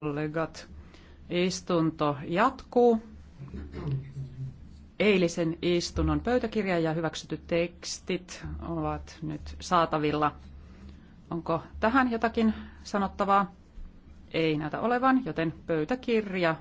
kollegat, istunto jatkuu. Eilisen istunnon pöytäkirja ja hyväksytyt tekstit ovat nyt saatavilla. Onko tähän jotakin sanottavaa? Ei näytä olevan, joten pöytäkirja